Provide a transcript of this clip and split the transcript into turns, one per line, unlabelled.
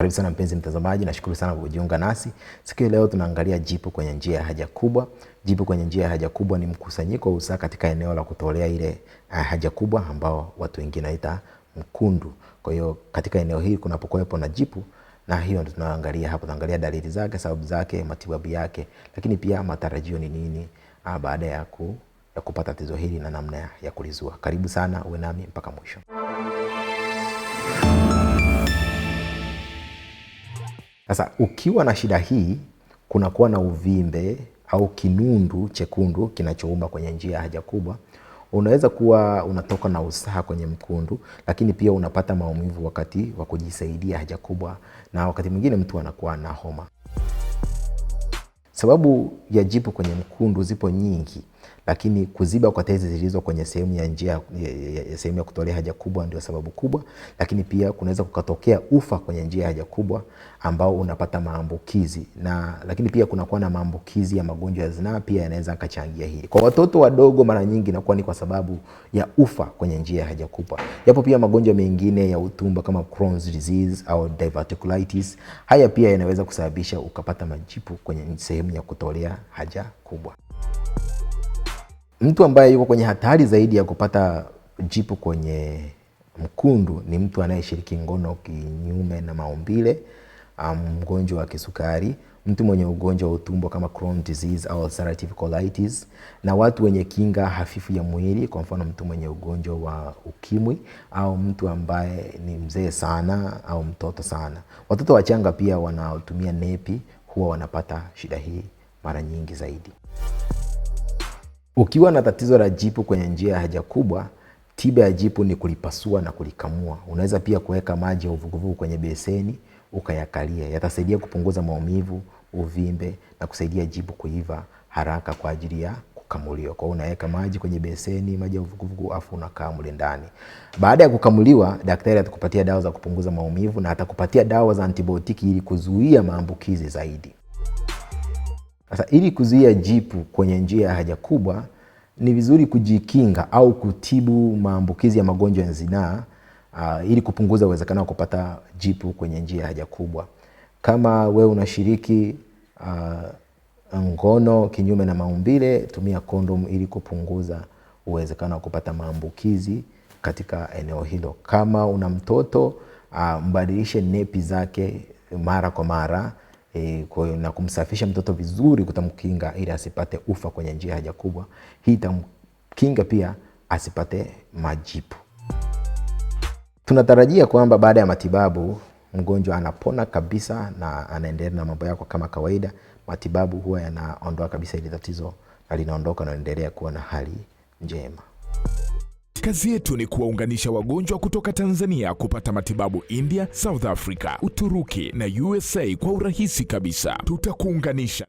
Karibu sana mpenzi mtazamaji, nashukuru sana kwa kujiunga nasi siku ya leo. Tunaangalia jipu kwenye njia ya haja kubwa. Jipu kwenye njia ya haja kubwa ni mkusanyiko wa usaha katika eneo la kutolea ile eh, haja kubwa, ambao watu wengine wanaita mkundu. Kwa hiyo katika eneo hili kunapokuwepo na jipu, na hiyo ndio tunaangalia hapo. Tunaangalia dalili zake, sababu zake, matibabu yake, lakini pia matarajio ni nini ah, baada ya ku, ya kupata tatizo hili na namna ya kulizua. Karibu sana, uwe nami mpaka mwisho. Sasa ukiwa na shida hii, kunakuwa na uvimbe au kinundu chekundu kinachouma kwenye njia ya haja kubwa. Unaweza kuwa unatoka na usaha kwenye mkundu, lakini pia unapata maumivu wakati wa kujisaidia haja kubwa, na wakati mwingine mtu anakuwa na homa. Sababu ya jipu kwenye mkundu zipo nyingi. Lakini kuziba kwa tezi zilizo kwenye sehemu ya njia sehemu ya kutolea haja kubwa ndio sababu kubwa, lakini pia kunaweza kukatokea ufa kwenye njia ya haja kubwa ambao unapata maambukizi na, lakini pia kunakuwa na maambukizi ya magonjwa ya zinaa pia yanaweza kachangia hili. Kwa watoto wadogo, mara nyingi inakuwa ni kwa sababu ya ufa kwenye njia ya haja kubwa. Yapo pia magonjwa mengine ya utumba kama Crohn's disease au diverticulitis. Haya pia yanaweza kusababisha ukapata majipu kwenye sehemu ya kutolea haja kubwa mtu ambaye yuko kwenye hatari zaidi ya kupata jipu kwenye mkundu ni mtu anayeshiriki ngono kinyume na maumbile, um, mgonjwa um, wa kisukari, mtu mwenye ugonjwa wa utumbo kama Crohn's disease au ulcerative colitis, na watu wenye kinga hafifu ya mwili, kwa mfano mtu mwenye ugonjwa wa ukimwi au mtu ambaye ni mzee sana au mtoto sana. Watoto wachanga pia wanaotumia nepi huwa wanapata shida hii mara nyingi zaidi. Ukiwa na tatizo la jipu kwenye njia ya haja kubwa, tiba ya jipu ni kulipasua na kulikamua. Unaweza pia kuweka maji ya uvuguvugu kwenye beseni ukayakalia. Yatasaidia kupunguza maumivu, uvimbe na kusaidia jipu kuiva haraka kwa ajili ya kukamuliwa. Kwa hiyo unaweka maji kwenye beseni, maji ya uvuguvugu afu unakaa mle ndani. Baada ya kukamuliwa, daktari atakupatia dawa za kupunguza maumivu na atakupatia dawa za antibiotiki ili kuzuia maambukizi zaidi. Sasa ili kuzuia jipu kwenye njia ya haja kubwa, ni vizuri kujikinga au kutibu maambukizi ya magonjwa ya zinaa uh, ili kupunguza uwezekano wa kupata jipu kwenye njia ya haja kubwa. Kama we unashiriki uh, ngono kinyume na maumbile, tumia kondomu ili kupunguza uwezekano wa kupata maambukizi katika eneo hilo. Kama una mtoto uh, mbadilishe nepi zake mara kwa mara E, kwa na kumsafisha mtoto vizuri kutamkinga ili asipate ufa kwenye njia haja kubwa. Hii itamkinga pia asipate majipu. Tunatarajia kwamba baada ya matibabu mgonjwa anapona kabisa na anaendelea na mambo yako kama kawaida. Matibabu huwa yanaondoa kabisa ile tatizo na linaondoka, naendelea kuwa na hali njema. Kazi yetu ni kuwaunganisha wagonjwa kutoka Tanzania kupata matibabu India, South Africa, Uturuki na USA kwa urahisi kabisa. Tutakuunganisha.